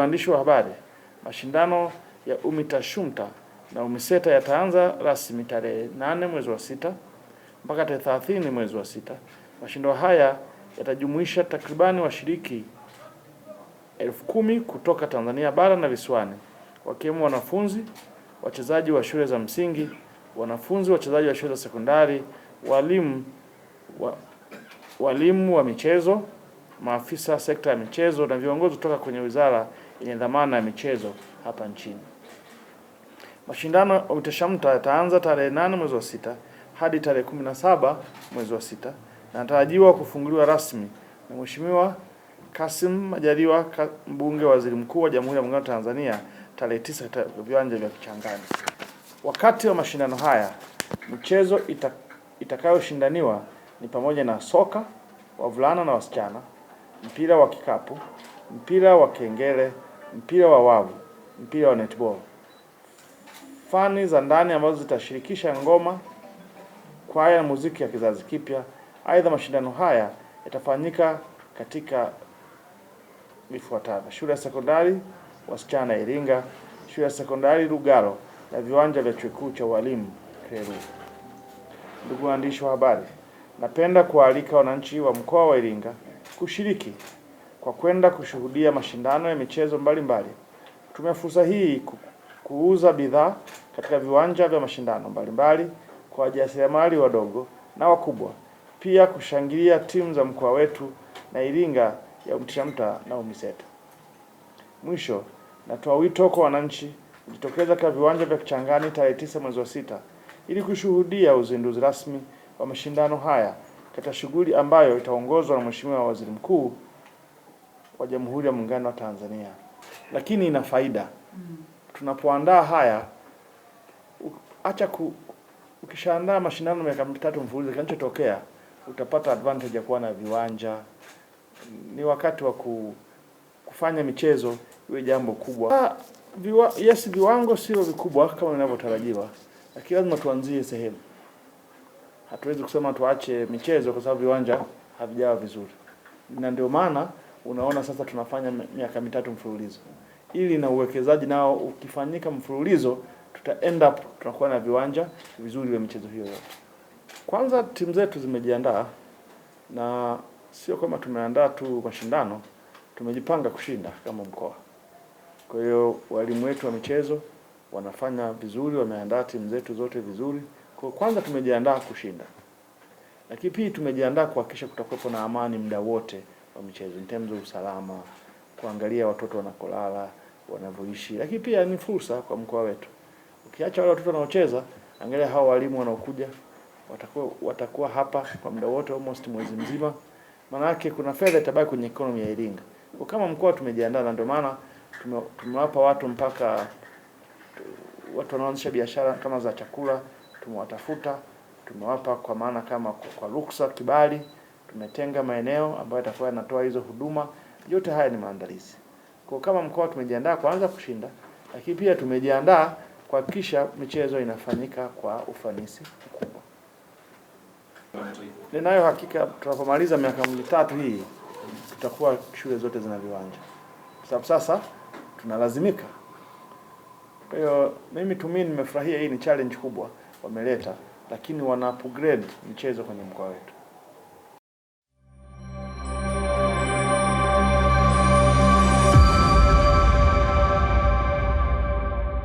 waandishi wa habari, mashindano ya UMITASHUMTA na UMISETA yataanza rasmi tarehe 8 mwezi wa sita mpaka tarehe 30 mwezi wa sita. Mashindano haya yatajumuisha takribani washiriki elfu kumi kutoka Tanzania bara na visiwani, wakiwemo wanafunzi wachezaji wa shule za msingi, wanafunzi wachezaji wa shule za sekondari, walimu wa, walimu wa michezo, maafisa sekta ya michezo na viongozi kutoka kwenye wizara yenye dhamana ya michezo hapa nchini. Mashindano ya UTESHAMTA yataanza tarehe nane mwezi wa sita hadi tarehe kumi na saba mwezi wa sita na natarajiwa kufunguliwa rasmi na Mheshimiwa Kasim Majaliwa, mbunge wa waziri mkuu wa Jamhuri ya Muungano wa Tanzania tarehe tisa katika viwanja vya Kichangani. Wakati wa mashindano haya michezo ita, itakayoshindaniwa ni pamoja na soka wavulana na wasichana, mpira wa kikapu, mpira wa kengele mpira wa wavu, mpira wa netball, fani za ndani ambazo zitashirikisha ngoma, kwaya na muziki ya kizazi kipya. Aidha, mashindano haya yatafanyika katika vifuatavyo: shule ya sekondari wasichana Iringa, shule ya sekondari Lugalo na viwanja vya chuo kikuu cha ualimu Kelu. Ndugu waandishi wa habari, napenda kualika wananchi wa mkoa wa Iringa kushiriki kwa kwenda kushuhudia mashindano ya michezo mbalimbali. Tumia fursa hii kuuza bidhaa katika viwanja vya mashindano mbalimbali kwa wajasiriamali wadogo na wakubwa, pia kushangilia timu za mkoa wetu na Iringa ya UMTAMTA na UMISETA. Mwisho, natoa wito kwa wananchi kujitokeza katika viwanja vya Kichangani tarehe tisa mwezi wa sita ili kushuhudia uzinduzi rasmi wa mashindano haya katika shughuli ambayo itaongozwa na Mheshimiwa Waziri Mkuu wa Jamhuri ya Muungano wa Tanzania, lakini ina faida. Tunapoandaa haya, acha ku, ukishaandaa mashindano miaka mitatu mfululizo, kinachotokea utapata advantage ya kuwa na viwanja. Ni wakati wa ku, kufanya michezo iwe jambo kubwa. Ha, ah, viwa, yes, viwango sio vikubwa kama inavyotarajiwa, lakini lazima tuanzie sehemu. Hatuwezi kusema tuache michezo kwa sababu viwanja havijawa vizuri, na ndio maana unaona sasa tunafanya miaka mitatu mfululizo, ili na uwekezaji nao ukifanyika mfululizo, tuta end up tunakuwa na viwanja vizuri vya michezo hiyo yote. Kwanza timu zetu zimejiandaa, na sio kama tumeandaa tu mashindano, tumejipanga kushinda kama mkoa. Kwa hiyo walimu wetu wa michezo wanafanya vizuri, wameandaa timu zetu zote vizuri. Kwa kwanza tumejiandaa kushinda, lakini pia tumejiandaa kuhakikisha kutakuwepo na amani muda wote wa michezo in terms of usalama, kuangalia watoto wanakolala, wanavyoishi, lakini pia ni fursa kwa mkoa wetu. Ukiacha wale watoto wanaocheza, angalia hao walimu wanaokuja watakuwa watakuwa hapa kwa muda wote almost mwezi mzima, Maana yake kuna fedha itabaki kwenye economy ya Iringa. Kwa kama mkoa tumejiandaa, na ndio maana tumewapa watu mpaka watu wanaanzisha biashara kama za chakula tumewatafuta, tumewapa kwa maana kama kwa ruksa kibali tumetenga maeneo ambayo yatakuwa yanatoa hizo huduma. Yote haya ni maandalizi. Kwa kama mkoa tumejiandaa kwanza kushinda, lakini pia tumejiandaa kuhakikisha michezo inafanyika kwa ufanisi mkubwa. Ninayo hakika tunapomaliza miaka mitatu hii tutakuwa shule zote zina viwanja, sababu sasa tunalazimika. Kwa hiyo mimi tumii, nimefurahia hii ni challenge kubwa wameleta, lakini wana upgrade michezo kwenye mkoa wetu.